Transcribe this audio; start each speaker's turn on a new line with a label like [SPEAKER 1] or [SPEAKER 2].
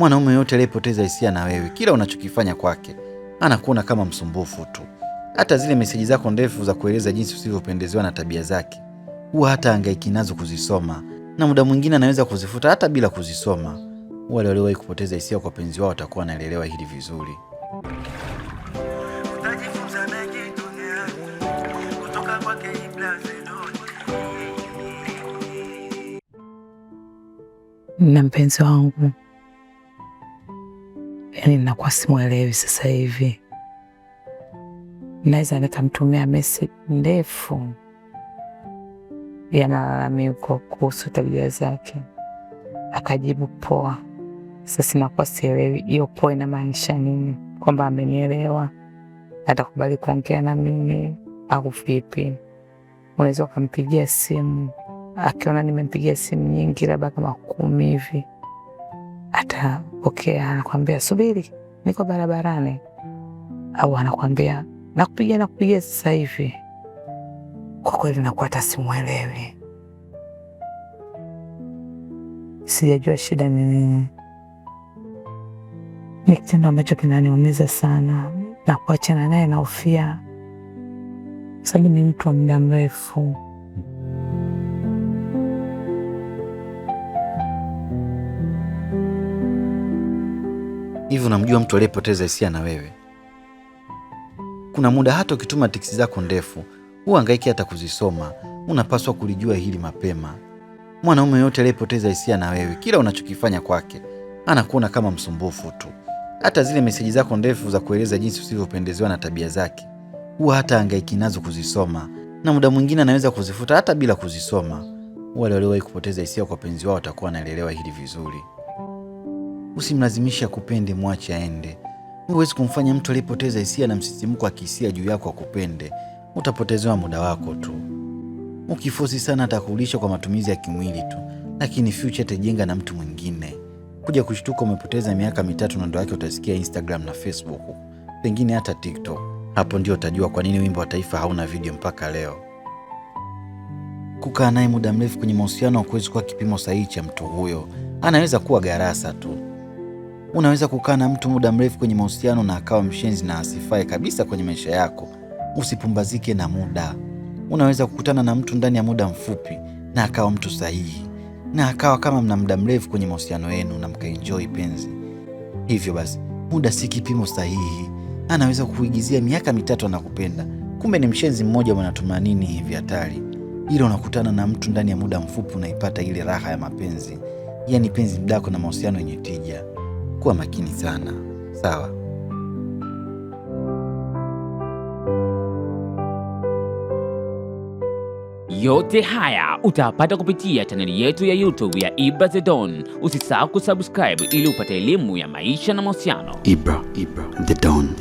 [SPEAKER 1] Mwanaume yote aliyepoteza hisia na wewe, kila unachokifanya kwake anakuona kama msumbufu tu. Hata zile meseji zako ndefu za kueleza jinsi usivyopendezewa na tabia zake huwa hata angaiki nazo kuzisoma, na muda mwingine anaweza kuzifuta hata bila kuzisoma. Wale waliowahi kupoteza hisia kwa penzi wao watakuwa wanaelewa hili vizuri.
[SPEAKER 2] na mpenzi wangu yani nakuwa simwelewi sasa hivi. Naweza nikamtumia meseji ndefu ya malalamiko kuhusu tabia zake, akajibu poa. Sasa nakuwa sielewi hiyo poa inamaanisha nini, kwamba amenielewa atakubali kuongea na mimi au vipi? Unaweza ukampigia simu, akiona nimempigia simu nyingi, labda kama kumi hivi atapokea, anakwambia subiri, niko barabarani, au anakwambia nakupigia, nakupigia sasa hivi. Kwa kweli nakuwa hata simwelewi, sijajua shida ni nini. Ni kitendo ambacho kinaniumiza sana, na kuachana naye naofia, kwa sababu ni mtu wa muda mrefu.
[SPEAKER 1] Hivi unamjua mtu aliyepoteza hisia na wewe? Kuna muda hata ukituma tiksi zako ndefu huhangaiki hata kuzisoma. Unapaswa kulijua hili mapema. Mwanaume yote aliyepoteza hisia na wewe, kila unachokifanya kwake anakuona kama msumbufu tu. Hata zile meseji zako ndefu za kueleza jinsi usivyopendezewa na tabia zake huwa hata angaiki nazo kuzisoma, na muda mwingine anaweza kuzifuta hata bila kuzisoma. Wale waliowahi kupoteza hisia kwa penzi wao watakuwa wanaelewa hili vizuri. Usimlazimishe akupende, mwache aende. Huwezi kumfanya mtu aliyepoteza hisia na msisimko wa kihisia juu yako akupende, utapotezewa muda wako tu. Ukifosi sana, atakulisha kwa matumizi ya kimwili tu, lakini future atajenga na mtu mwingine. Kuja kushtuka umepoteza miaka mitatu na ndoa yake, utasikia Instagram na Facebook, pengine hata TikTok. Hapo ndio utajua kwa nini wimbo wa taifa hauna video mpaka leo. Kukaa naye muda mrefu kwenye mahusiano hakuwezi kuwa kipimo sahihi cha mtu huyo. Anaweza kuwa garasa tu. Unaweza kukaa na mtu muda mrefu kwenye mahusiano na akawa mshenzi na asifae kabisa kwenye maisha yako. Usipumbazike na muda. Unaweza kukutana na mtu ndani ya muda mfupi na akawa mtu sahihi, na akawa kama mna muda mrefu kwenye mahusiano yenu na mkaenjoi penzi. Hivyo basi, muda si kipimo sahihi. Anaweza kuigizia miaka mitatu anakupenda, kumbe ni mshenzi mmoja. Wanatumanini hivi hatari, ila unakutana na mtu ndani ya muda mfupi, unaipata ile raha ya mapenzi, yaani penzi mdako na mahusiano yenye tija kuwa makini sana, sawa? Yote haya utapata kupitia chaneli yetu ya YouTube ya Ibra Zedon. Usisahau kusubscribe ili upate elimu ya maisha na mahusiano. Ibra, Ibra, The Don.